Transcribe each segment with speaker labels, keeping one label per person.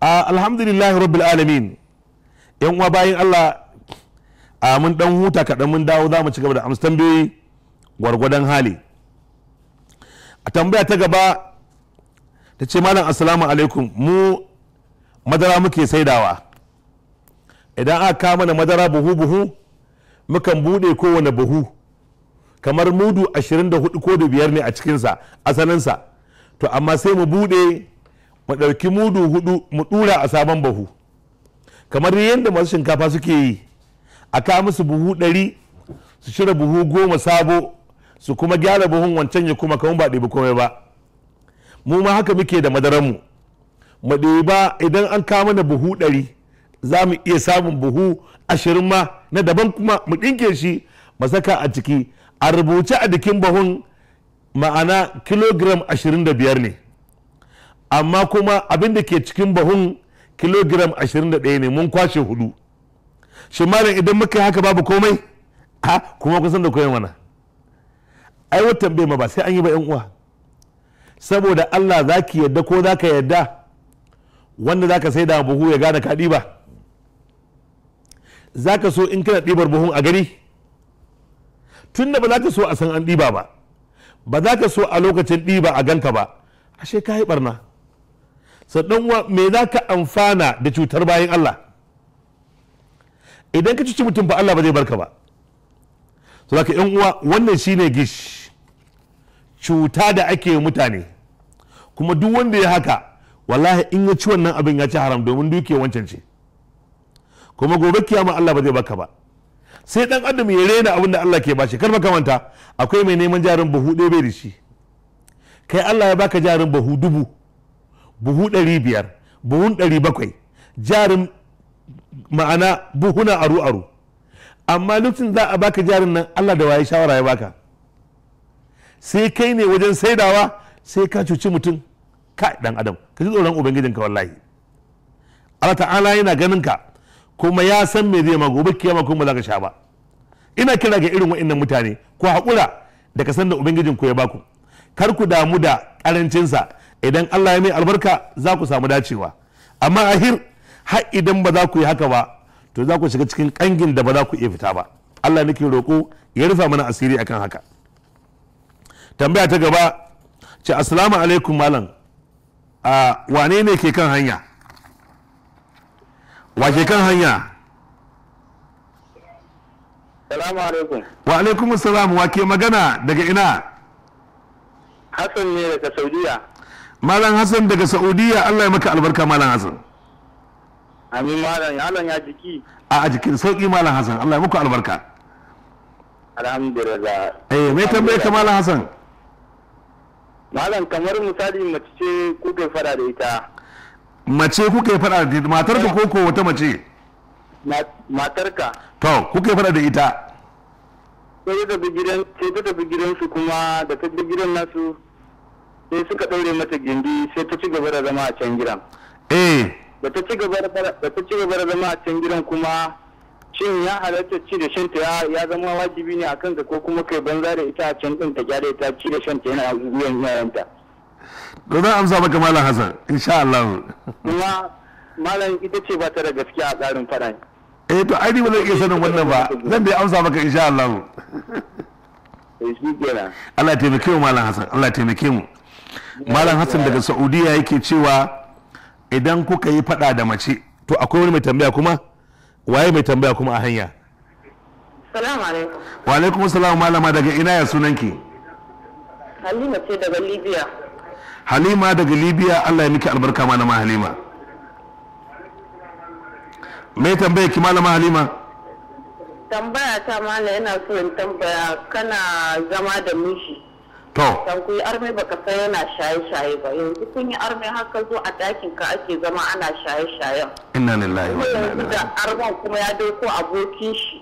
Speaker 1: alhamdulillahi rabbil alamin yan uwa bayan Allah a mun dan huta kaɗan mun dawo za mu ci gaba da amsa tambayoyi gwargwadon hali a tambaya ta gaba ta ce malam assalamu alaikum mu madara muke saidawa idan aka kama mana madara buhu buhu mukan bude kowane buhu kamar mudu 24 ko da biyar ne a cikinsa asalinsa to amma sai mu bude mu ɗauki mudu hudu mu ɗura a sabon buhu kamar yadda masu shinkafa suke yi a ka musu buhu ɗari su cire buhu goma sabo su kuma gyara buhun wancan ya kuma kamar ba ɗebi komai ba mu ma haka muke da madaranmu mu mu ɗeba idan an kama mana buhu ɗari za mu iya samun buhu ashirin ma na daban kuma mu ɗinke shi mu saka a ciki a rubuce a jikin buhun ma'ana kilogram ashirin da biyar ne amma kuma abin da ke cikin bahun kilogiram 21 ne mun kwashe hudu shi malam idan muka yi haka babu komai ha kuma kusan da koyan mana ai wata tambaye ma ba sai an yi ba yan uwa saboda Allah za ki yadda ko za ka yadda wanda za ka sai da buhu ya gane ka ɗiba za ka so in kana ɗibar buhun a gari tunda da ba za ka so a san an ɗiba ba ba za ka so a lokacin ɗiba a ganka ba ashe ka yi barna sannan me za ka amfana da cutar bayan Allah idan ka cuci mutum ba Allah ba zai barka ba so zaka yan uwa wannan shine gish cuta da ake mutane kuma duk wanda ya haka wallahi in ya ci wannan abin ya ci haram domin duke wancan ce kuma gobe kiyama Allah ba zai baka ba sai dan adam ya rena abin da Allah ke bashi kar ka manta akwai mai neman jarin buhu ɗaya bai da shi kai Allah ya baka jarin buhu dubu buhu ɗari biyar buhun ɗari bakwai jarin ma'ana buhuna aru aru amma lokacin za a baka jarin nan Allah da waye shawara ya baka sai kai ne wajen saidawa sai ka cuci mutum ka dan adam ka ji tsoron ubangijinka wallahi Allah ta'ala yana ganin ka kuma ya san me zai ma gobe kiyama kuma za ka sha ba ina kira ga irin wa'annan mutane ku haƙura da ka san da ubangijin ku ya baku kar ku damu da ƙarancinsa idan Allah ya mai albarka za ku samu dacewa amma ahir har idan ba za ku yi haka ba to za ku shiga cikin kangin da ba za ku iya fita ba Allah nake roƙo ya rufa mana asiri akan haka tambaya ta gaba ce assalamu alaikum malam a wane ne ke kan hanya wa ke kan hanya
Speaker 2: salamu alaikum
Speaker 1: wa alaikum salam wa ke magana daga ina
Speaker 2: hassan ne daga saudiya
Speaker 1: malam hassan daga saudiya allah ya maka albarka malam hassan
Speaker 2: amin malam ya allah ya jiki
Speaker 1: a a jikin sauki malam hassan allah ya maka albarka
Speaker 2: alhamdulillah
Speaker 1: eh mai tambaye ka malam hassan
Speaker 2: malam kamar misali mace ce kuka fada da ita
Speaker 1: mace kuke fara da ita matar ka ko wata mace matar ka to kuke fara da ita
Speaker 2: sai ta tafi gidan sai ta tafi gidan su kuma da ta tafi gidan nasu sai suka ɗaure mata gindi sai ta ci gaba da zama a can gidan eh da ta ci gaba da zama a can gidan kuma shin ya halatta ci da shanta ya zama wajibi ne a kanka ko kuma kai banza da ita a can ɗin ta gyara ita ci da shanta yana wuyan yaranta
Speaker 1: to zan amsa maka malam hasan insha Allah
Speaker 2: kuma malam ita ce ba ta da gaskiya a tsarin fara
Speaker 1: eh to ai ni ba zan iya sanin wannan ba zan dai amsa maka insha Allah Allah taimake mu malam Hassan Allah taimake mu malam hassan daga saudiya yake cewa idan kuka yi fada da mace to akwai wani mai tambaya kuma waye mai tambaya kuma a hanya salamu alaikum wa alaikum salam malama daga ina ya sunanki
Speaker 2: halima ce daga libya
Speaker 1: halima daga libya allah ya miki albarka malama halima mai tambaya ki malama halima
Speaker 2: tambaya ta malam yana so in tambaya kana zama da mishi. To. kun ku yi arme baka san yana shaye-shaye ba yanzu kun yi arme haka zo a dakin ka ake zama ana shaye-shayen.
Speaker 1: Inna lillahi wa inna ilaihi. Da
Speaker 2: arman kuma ya dauko abokin shi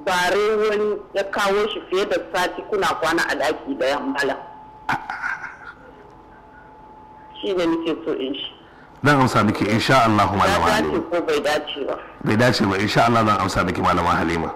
Speaker 2: bare wani ya kawo shi fiye da sati kuna kwana a daki da yammala. Shi ne nake so in shi. dan
Speaker 1: amsa miki insha Allah malama
Speaker 2: Halima. bai dace ba.
Speaker 1: Bai dace ba insha Allah dan amsa miki malama Halima.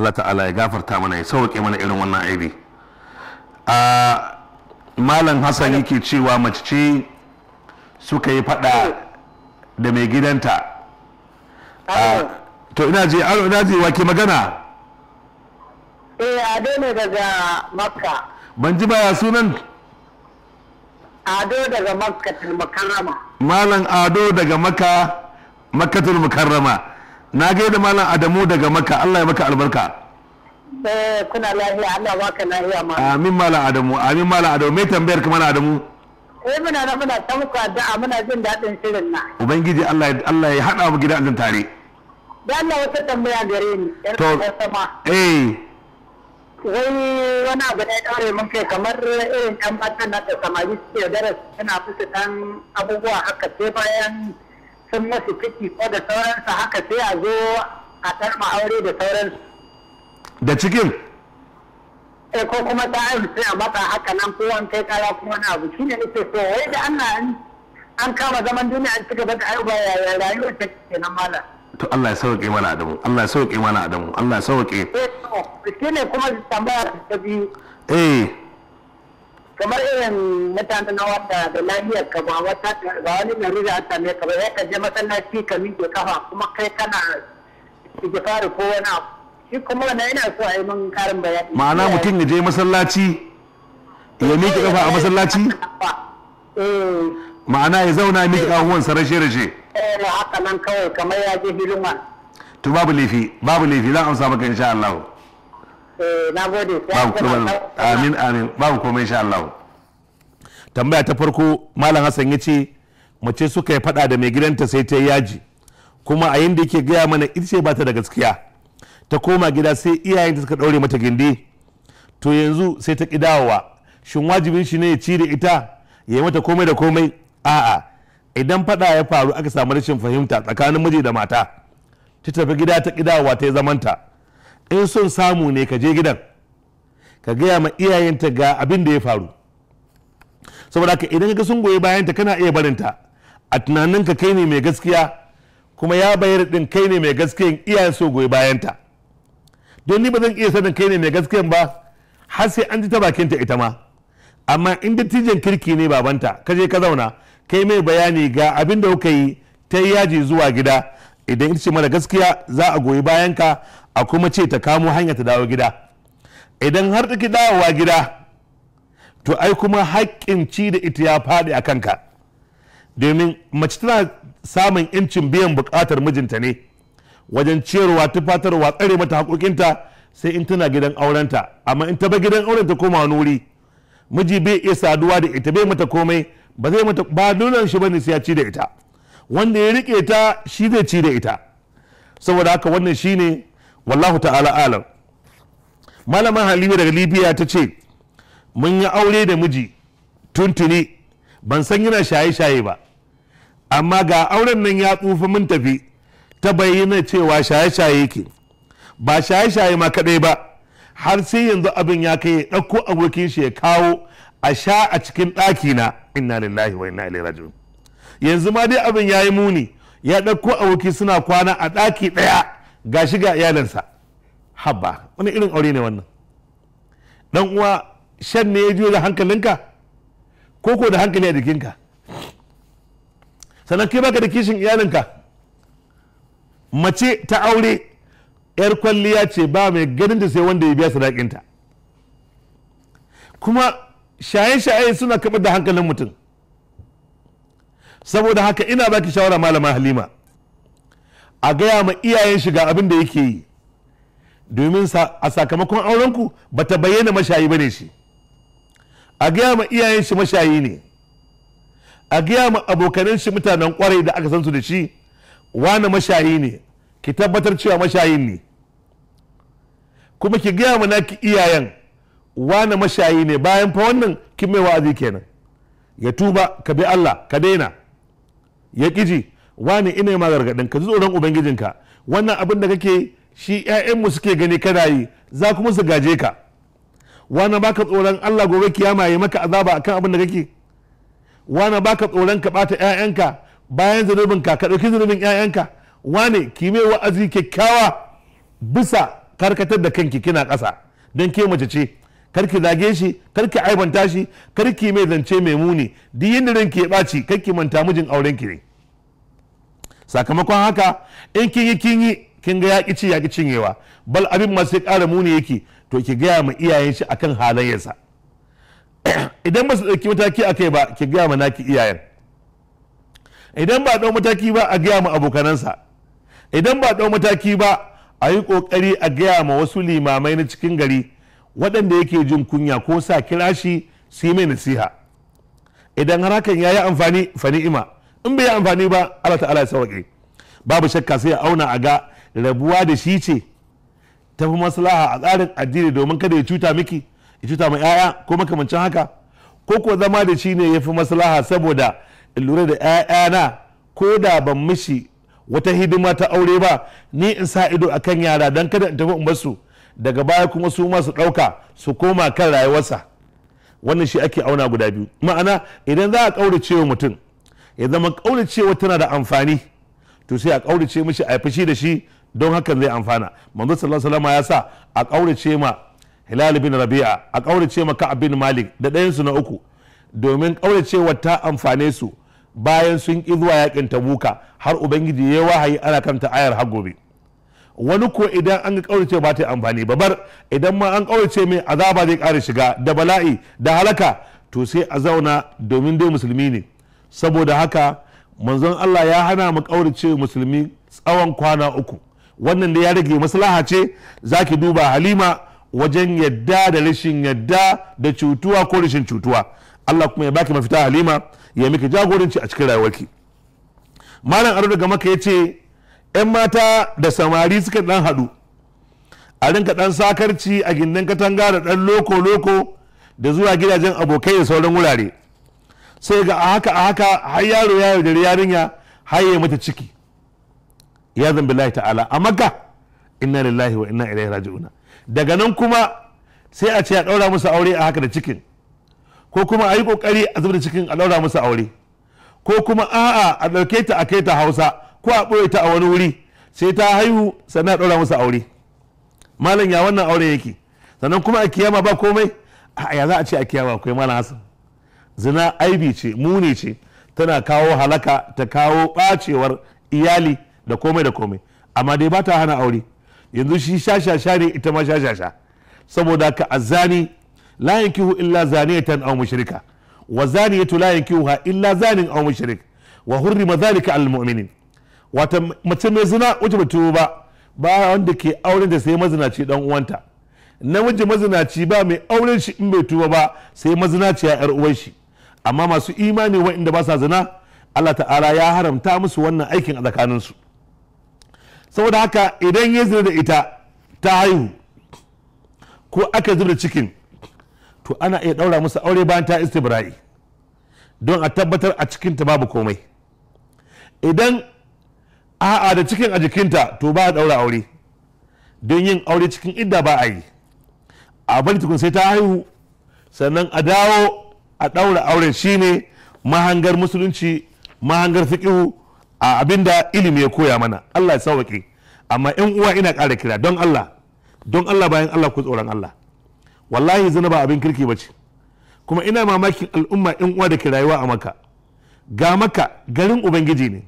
Speaker 1: Allah ta'ala ya gafarta mana ya sauke mana irin wannan aibi. a malam hassan yake cewa mace ce suka yi fada da mai gidanta to ina je ina je wake magana
Speaker 2: eh ado ne daga makka ban ji baya sunan ado daga makkatul makarrama malam
Speaker 1: ado daga makka makkatul mukarrama na gaida malam adamu daga makka Allah ya maka albarka
Speaker 2: Eh, kuna lahiya Allah baka lahiya ma
Speaker 1: amin mala adamu amin mala adamu me tambayar kuma na adamu
Speaker 2: eh muna na muna ta muku addu'a muna jin daɗin shirin na
Speaker 1: ubangiji Allah Allah ya hada mu gidan nan tare
Speaker 2: da Allah wata tambaya gare ni to eh wai wani abu ne daure mun kai kamar irin ɗan matan na da samari suke darasi suna fusu ɗan abubuwa haka sai bayan sun masu ciki ko da sauransu haka sai a zo a tarma aure da sauransu da cikin E, ko kuma ta aiki sai a mata haka nan ko an kai kara kuma na abu shine nake so wai da Allah an kama zaman duniya an cika da aibu ya rayuwar ta kenan malam
Speaker 1: to Allah ya sauke mana adamu Allah ya sauke mana adamu Allah ya sauke
Speaker 2: eh shine kuma tambaya ta biyu eh kamar irin mutane na wanda da lafiyar ka ba wata ba wani larura a same ka ba ya ka je masallaci ka miƙe kafa kuma kai kana fara ko wani abu shi kuma wannan yana so a yi min karin bayani ma'ana mutum ya
Speaker 1: je masallaci ya miƙe kafa eh, a masallaci eh. ma'ana ya zauna ya miƙe kafuwan sa rashe rashe
Speaker 2: eh haka nan kawai kamar ya je hilman
Speaker 1: to babu laifi babu laifi zan amsa maka insha Allah
Speaker 2: eh, na gode babu komai
Speaker 1: amin amin babu komai insha Allah tambaya ta farko malam Hassan ya ce mace suka yi fada da mai gidanta sai ta yaji kuma a yin da yake gaya mana ita ce ba ta da gaskiya ta koma gida sai iyayenta suka ɗaure mata gindi to yanzu sai ta ƙi shin wajibin shi ne ya ci da ita ya yi mata komai da komai a'a idan faɗa ya faru aka samu rashin fahimta tsakanin miji da mata ta tafi gida ta ƙi ta yi zamanta in son samu ne ka je gidan ka gaya ma iyayenta ga abin da ya faru saboda haka idan ka sun goyi bayanta kana iya barinta a tunaninka kai ne mai gaskiya kuma ya bayar din kai ne mai gaskiyan iyayen so goyi bayanta don ni ba zan iya sanin kai ne mai gaskiyan ba har sai an ji ta bakinta ita ma amma in dattijan kirki ne babanta ka je ka zauna kai mai bayani ga abin da kuka yi ta yaji zuwa gida idan ita ce mara gaskiya za a goyi bayanka a kuma ce ta kamo hanya ta dawo gida idan har take dawowa gida to ai kuma haƙƙin ci da ita ya faɗi a kanka domin mace tana samun 'yancin biyan buƙatar mijinta ne wajen ciyarwa tufatarwa tsare mata haƙoƙinta sai in tana gidan aurenta amma in ta ba gidan aurenta koma nuri miji bai iya saduwa da ita bai mata komai ba zai mata ba nunan shi bane sai ya ci da ita wanda ya rike ta shi zai ci da ita saboda haka wannan shine wallahu ta'ala alam malaman halima daga libya ta ce mun yi aure da miji tuntuni ban san yana shaye-shaye ba amma ga auren nan ya tsufa mun tafi ta bayyana cewa shaye-shaye yake ba shaye-shaye ma kadai ba har sai yanzu abin ya kai ɗauko abokin shi ya kawo a sha a cikin ɗaki na inna lillahi wa inna ilaihi raji'un yanzu ma dai abin ya yi muni ya ɗauko aboki suna kwana a ɗaki ɗaya ga shi ga iyalinsa habba wani irin aure ne wannan dan uwa shan ne ya juyo da hankalinka ko ko da hankali a jikinka sannan kai baka da kishin iyalinka mace ta aure 'yar kwalliya ce ba mai ganin da sai wanda ya biya sadakinta kuma shaye-shaye suna kaɓar da hankalin mutum saboda haka ina baki shawara malama halima a gaya ma iyayen shiga abin da yake yi domin a sakamakon aurenku ba ta bayyana mashayi ba ne shi a gaya ma iyayen shi mashayi ne a gaya ma abokanin shi mutanen kwarai da aka san su da shi wani mashayi ne ki tabbatar cewa mashayin ne kuma ki gaya mana ki iyayen wani mashayi ne bayan fa wannan kin mai wa'azi kenan ya tuba ka bi Allah ka daina ya kiji wani ina ma gargadin ka ji tsoron ubangijinka wannan abin da kake shi 'ya'yanmu suke gani kana yi za kuma su gaje ka wani baka tsoron Allah gobe kiyama ya maka azaba akan abin da kake wani baka tsoron ka bata 'ya'yanka bayan zunubin ka ka ɗauki zunubin 'ya'yanka wane ki mai wa'azi kyakkyawa bisa karkatar da kanki kina ƙasa don ke mace ce karki zage shi karki aibanta shi karki mai zance mai muni duk yadda ranki ya ɓaci karki manta mijin auren ki ne sakamakon haka in kin yi kin yi kin ga yaƙi ci yaƙi cinyewa bal abin masu ya ƙara muni yake to ki gaya ma iyayen shi akan halayyarsa idan ba su ɗauki mataki a kai ba ki gaya ma naki iyayen idan ba ɗau mataki ba a gaya ma abokanansa idan ba ɗau mataki ba a yi ƙoƙari a gaya ma wasu limamai na cikin gari waɗanda yake jin kunya ko sa kira shi su mai nasiha idan har hakan ya yi amfani ima in bai yi amfani ba Allah ta'ala ya sauƙi babu shakka sai a auna a ga rabuwa da shi ce ta fi maslaha a tsarin addini domin kada ya cuta miki ya cuta ma 'ya'ya ko makamancin haka ko kuwa zama da shi ne ya fi maslaha saboda in lura da 'ya'yana ko da ban mishi wata hidima ta aure ba ni in sa ido a kan yara don kada in tafi in basu daga baya kuma su masu ɗauka su koma kan rayuwarsa wannan shi ake auna guda biyu ma'ana idan za a ƙaurace wa mutum ya zama ƙauracewa tana da amfani to sai a ƙaurace mishi a fushi da shi don hakan zai amfana manzo sallallahu alaihi ya sa a ƙaurace ma hilal bin rabi'a a ƙaurace ma ka'ab bin malik da ɗayan su na uku domin ƙauracewa ta amfane su bayan sun ƙi zuwa yakin tabuka har ubangiji ya wahayi ana kanta ayar har gobe wani ko idan an kaurace ba ta amfani ba bar idan ma an kaurace mai azaba zai ƙara shiga da bala'i da halaka to sai a zauna domin dai musulmi ne saboda haka manzon Allah ya hana mu kaurace musulmi tsawon kwana uku wannan da ya rage maslaha ce zaki duba halima wajen yadda da rashin yadda da cutuwa ko rashin cutuwa Allah kuma ya baki mafita halima ya miki jagoranci a cikin rayuwarki malam aro daga maka ya ce 'yan mata da samari suka dan haɗu a rinka dan sakarci a gindin katanga da dan loko-loko da zuwa gidajen abokai da sauran wurare sai ga a haka a haka har yaro ya yaudare yarinya har ya mata ciki ya zambi lahi ta'ala a maka inna lillahi wa inna ilaihi raji'una daga nan kuma sai a ce a ɗaura musu aure a haka da cikin ko kuma a yi kokari a zubar cikin a daura musu aure ko kuma a'a a ɗauke ta a kai ta hausa ko a ɓoye ta a wani wuri sai ta haihu sannan a ɗaura musu aure malam ya wannan aure yake sannan kuma a kiyama ba komai a ya za a ce a kiyama akwai malam hasan zina aibi ce muni ce tana kawo halaka ta kawo ɓacewar iyali da komai da komai amma dai ba ta hana aure yanzu shi sha-sha-sha ne ita ma sha-sha-sha saboda ka azani la yankihu illa zaniyatan aw mushrika wa zaniyatu la yankihuha illa zanin aw mushrik wa hurrima dhalika al mu'minin wata mace mai zina wacce bata ba ba wanda ke auren da sai mazinaci dan uwanta namiji mazinaci ba mai auren shi in bai tuba ba sai mazinaci ya yar uwar shi amma masu imani waɗanda ba sa zina Allah ta'ala ya haramta musu wannan aikin a tsakaninsu saboda haka idan ya zina da ita ta haihu ko aka zubda cikin to ana iya ɗaura musu aure bayan ta istibra'i don a tabbatar a cikinta babu komai idan a'a da cikin a jikinta to ba a ɗaura aure don yin aure cikin idda ba a yi a bari tukun sai ta haihu sannan a dawo a ɗaura auren shine mahangar musulunci mahangar fiƙihu a abinda ilimi ya koya mana Allah ya sauwaƙe amma 'yan uwa ina ƙara kira don Allah don Allah bayan Allah ku tsoron Allah wallahi zina ba abin kirki bace kuma ina mamakin al'umma in uwa da ke rayuwa a maka ga maka garin ubangiji ne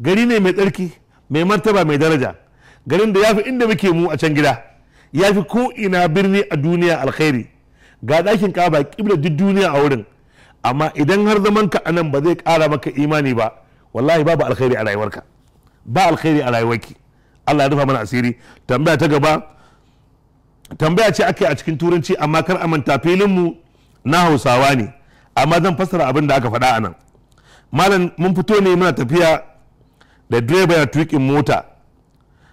Speaker 1: gari ne mai tsarki mai martaba mai daraja garin da yafi inda muke mu a can gida yafi ko ina birni a duniya alkhairi ga ɗakin kaba kibla duk duniya a wurin amma idan har zamanka ka anan ba zai ƙara maka imani ba wallahi babu alkhairi a rayuwarka ba alkhairi a rayuwarki Allah ya dafa mana asiri tambaya ta gaba tambaya ce ake a cikin turanci amma kar a manta filinmu na hausawa ne amma zan fassara abin da aka faɗa a nan malam mun fito ne muna tafiya da direba ya tuƙin mota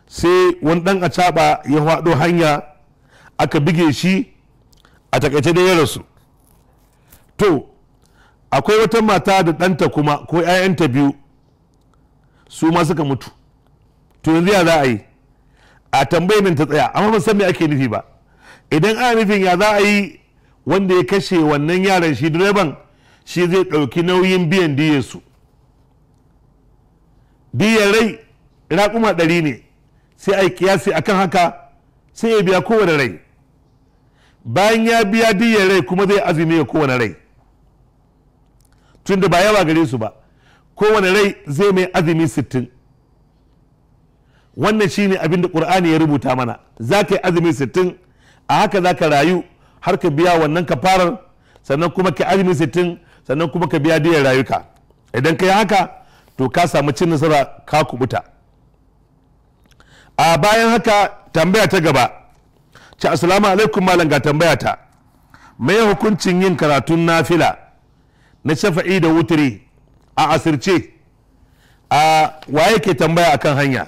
Speaker 1: sai wani ɗan a caɓa ya faɗo hanya aka bige shi a takaice da ya rasu to akwai wata mata da ɗanta kuma ko 'ya'yanta biyu su ma suka mutu to yanzu ya za a yi a tambayar nan ta tsaya amma ban san me ake nufi ba idan ana nufin ya za a yi wanda ya kashe wannan yaran shi direban shi zai ɗauki nauyin biyan diyar su diyar rai raƙuma ɗari ne sai a yi kiyasi akan haka sai ya biya kowane rai bayan ya biya diyar rai kuma zai azumi ya kowane rai tunda ba yawa gare su ba kowane rai zai mai azumi sittin wannan shine abin da qur'ani ya rubuta mana za ka yi azumin sittin a haka za ka rayu har ka biya wannan kafarar sannan kuma ka azumin sittin sannan kuma ka biya diyar rayuka idan ka yi haka to ka samu cin nasara ka kubuta a bayan haka tambaya ta gaba ci assalamu alaikum malam ga tambaya ta me hukuncin yin karatun nafila na shafa'i da wutiri a asirce a waye ke tambaya akan hanya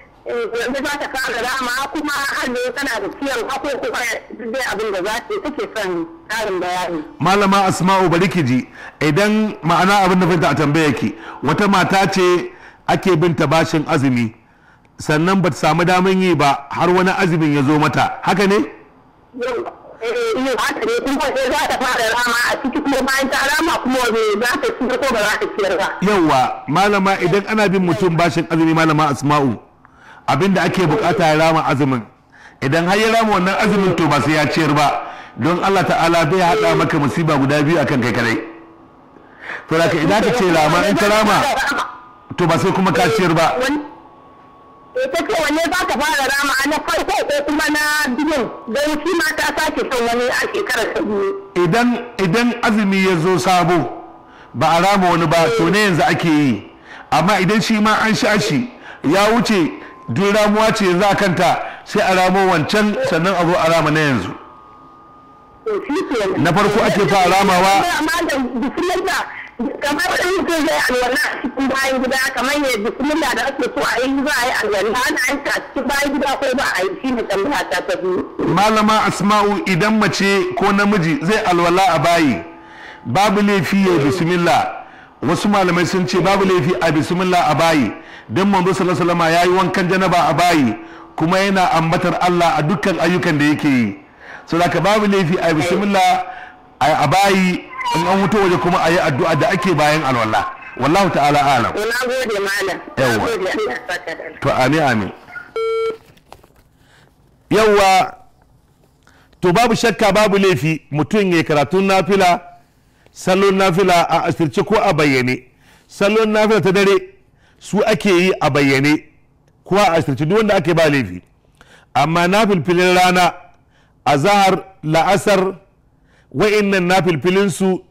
Speaker 2: Eh, yanzu za ta da dama, kuma hannu tana da ciwon hako kuma zai abin da za ta take son karin bayani. Malama
Speaker 1: Asma'u bari ki ji idan ma'ana abin da fahimta a tambaya ki wata mata ce ake bin ta bashin azumi sannan ba ta samu damar yi ba har wani azumin ya zo mata haka ne? Yin
Speaker 2: eh, haka ne kuma sai za ta fara rama a ciki kuma bayan ta rama kuma wani za ta ko ba za ta ciyar ba.
Speaker 1: Yawwa malama idan ana bin mutum bashin azumi malama Asma'u abinda ake bukata ya rama azumin idan har ya rama wannan azumin to ba sai ya ciyar ba don Allah ta'ala bai hada maka musiba guda biyu akan kai kadai to da idan ka ce rama in ka rama to ba sai kuma ka ciyar ba
Speaker 2: ita eh, ce za ka fara rama na farko ko kuma na biyun don shi ma ta sake son wani a shekarar ta biyu idan idan
Speaker 1: azumi ya zo sabo ba a rama wani ba to ne yanzu ake yi amma idan shi ma an sha shi ya wuce duk ramuwa ce za kanta sai a ramo wancan sannan a zo a rama na yanzu
Speaker 2: na farko ake fa ramawa cikin bayan da ake so za yi alwala
Speaker 1: malama asma'u idan mace ko namiji zai alwala a bayi babu laifi ya bismillah wasu malamai sun ce babu laifi a bismillah a bayi don manzo sallallahu alaihi wasallam yayi wankan janaba a bayi kuma yana ambatar Allah a dukkan ayyukan da yake yi so da babu laifi a bismillah a bayi in an wuto waje kuma ayi addu'a da ake bayan alwala wallahu ta'ala alam
Speaker 2: Ina gode malam
Speaker 1: to amin amin yawa to babu shakka babu laifi mutum ya karatun nafila salon nafila a asirce ko a bayyane salon nafila ta dare su ake yi a bayyane ko a asirci duk wanda ake ba laifi amma na filfilin rana a zahar la'asar wa'innan na filfilinsu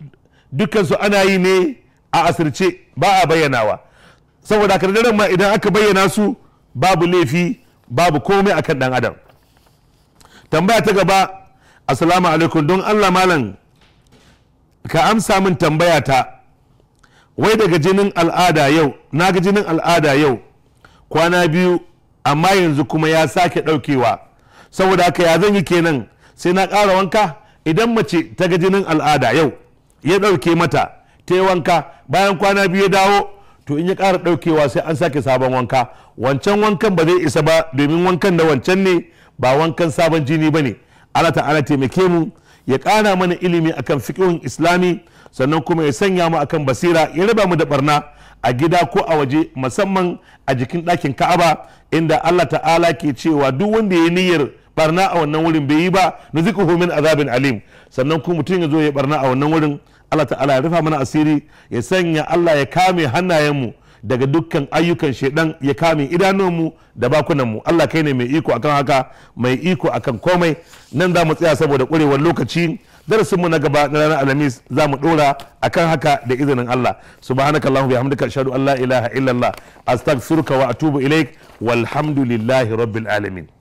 Speaker 1: dukansu ana yi ne a asirce ba a bayyanawa saboda haka ma idan aka bayyana su babu laifi babu komai akan dan adam tambaya ta gaba assalamu alaikum don allah malam ka amsa min tambaya ta wai daga jinin al'ada yau na ga jinin al'ada yau kwana biyu amma yanzu kuma ya sake ɗaukewa saboda haka ya zan yi kenan sai na ƙara wanka idan mace ta ga jinin al'ada yau ya ɗauke mata ta yi wanka bayan kwana biyu ya dawo to in ya ƙara ɗaukewa sai an sake sabon wanka wancan wankan ba zai isa ba domin wankan da wancan ne ba wankan sabon jini ba ne Allah ta'ala taimake mu ya ƙara mana ilimi akan fiƙihun islami sannan kuma ya sanya mu akan basira ya raba mu da barna a gida ko a waje musamman a jikin ɗakin ka'aba inda Allah ta'ala ke cewa duk wanda ya niyyar barna a wannan wurin bai yi ba na zika min azabin alim sannan kuma mutum ya zo ya barna a wannan wurin Allah ta'ala ya rufa mana asiri ya sanya Allah ya kame hannayenmu daga dukkan ayyukan shaiɗan ya kame idanunmu da bakunanmu Allah kai ne mai iko akan haka mai iko akan komai nan za mu tsaya saboda ƙurewar lokaci darasinmu na gaba na ranar alhamis za mu dora akan haka da izinin Allah subhanaka bi bihamdika ashhadu an la ilaha illallah astaghfiruka wa atubu ilaik walhamdulillahi rabbil alamin